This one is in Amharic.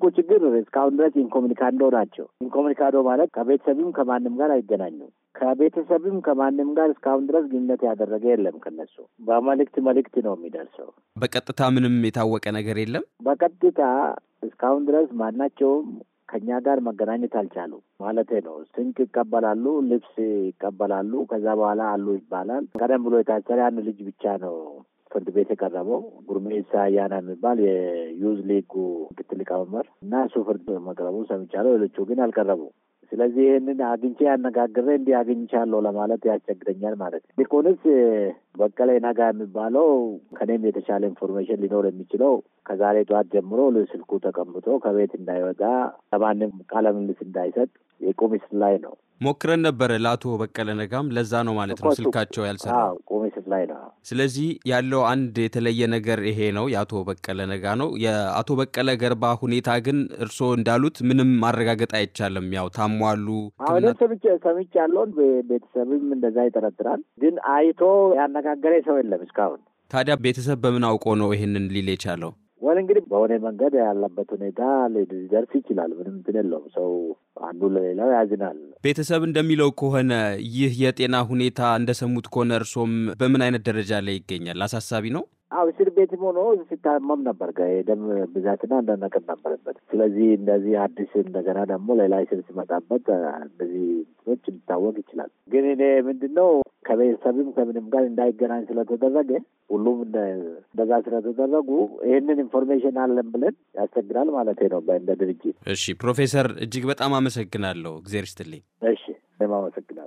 ትልቁ ችግር እስካሁን ድረስ ኢንኮሚኒካንዶ ናቸው። ኢንኮሚኒካንዶ ማለት ከቤተሰብም ከማንም ጋር አይገናኙም። ከቤተሰብም ከማንም ጋር እስካሁን ድረስ ግንኙነት ያደረገ የለም። ከነሱ በመልእክት መልእክት ነው የሚደርሰው። በቀጥታ ምንም የታወቀ ነገር የለም። በቀጥታ እስካሁን ድረስ ማናቸውም ከኛ ጋር መገናኘት አልቻሉ ማለት ነው። ስንቅ ይቀበላሉ፣ ልብስ ይቀበላሉ። ከዛ በኋላ አሉ ይባላል። ቀደም ብሎ የታሰረ አንድ ልጅ ብቻ ነው ፍርድ ቤት የቀረበው ጉርሜሳ ያና የሚባል ዩዝ ሊጉ ምክትል ሊቀመንበር እና እሱ ፍርድ መቅረቡ ሰምቻለሁ። ሌሎቹ ግን አልቀረቡ። ስለዚህ ይህንን አግኝቼ ያነጋግረ እንዲህ አግኝቻለሁ ለማለት ያስቸግረኛል ማለት ነው። ቢኮንስ በቀለ ነጋ የሚባለው ከኔም የተሻለ ኢንፎርሜሽን ሊኖር የሚችለው ከዛሬ ጠዋት ጀምሮ ስልኩ ተቀምጦ ከቤት እንዳይወጣ ለማንም ቃለ ምልልስ እንዳይሰጥ የቁም እስር ላይ ነው። ሞክረን ነበረ ለአቶ በቀለ ነጋም። ለዛ ነው ማለት ነው ስልካቸው ያልሰራ ላይ ነው። ስለዚህ ያለው አንድ የተለየ ነገር ይሄ ነው፣ የአቶ በቀለ ነጋ ነው። የአቶ በቀለ ገርባ ሁኔታ ግን እርስዎ እንዳሉት ምንም ማረጋገጥ አይቻልም። ያው ታሟሉ ሰምቼ ያለውን ቤተሰብም እንደዛ ይጠረጥራል። ግን አይቶ ያነጋገረ ሰው የለም እስካሁን። ታዲያ ቤተሰብ በምን አውቆ ነው ይህንን ሊል የቻለው? ወይ እንግዲህ በሆነ መንገድ ያለበት ሁኔታ ሊደርስ ይችላል። ምንም እንትን የለውም። ሰው አንዱ ለሌላው ያዝናል። ቤተሰብ እንደሚለው ከሆነ ይህ የጤና ሁኔታ እንደሰሙት ከሆነ እርሶም በምን አይነት ደረጃ ላይ ይገኛል? አሳሳቢ ነው። አው እስር ቤትም ሆኖ ሲታመም ነበር። የደም ብዛትና አንዳንድ ነገር ነበረበት። ስለዚህ እንደዚህ አዲስ እንደገና ደግሞ ሌላ እስር ሲመጣበት እንደዚህ ች ሊታወቅ ይችላል። ግን እኔ ምንድን ነው ከቤተሰብም ከምንም ጋር እንዳይገናኝ ስለተደረገ ሁሉም እንደዛ ስለተደረጉ ይህንን ኢንፎርሜሽን አለን ብለን ያስቸግራል ማለት ነው እንደ ድርጅት። እሺ ፕሮፌሰር እጅግ በጣም አመሰግናለሁ። እግዜር ይስጥልኝ። እሺ እኔም አመሰግናለሁ።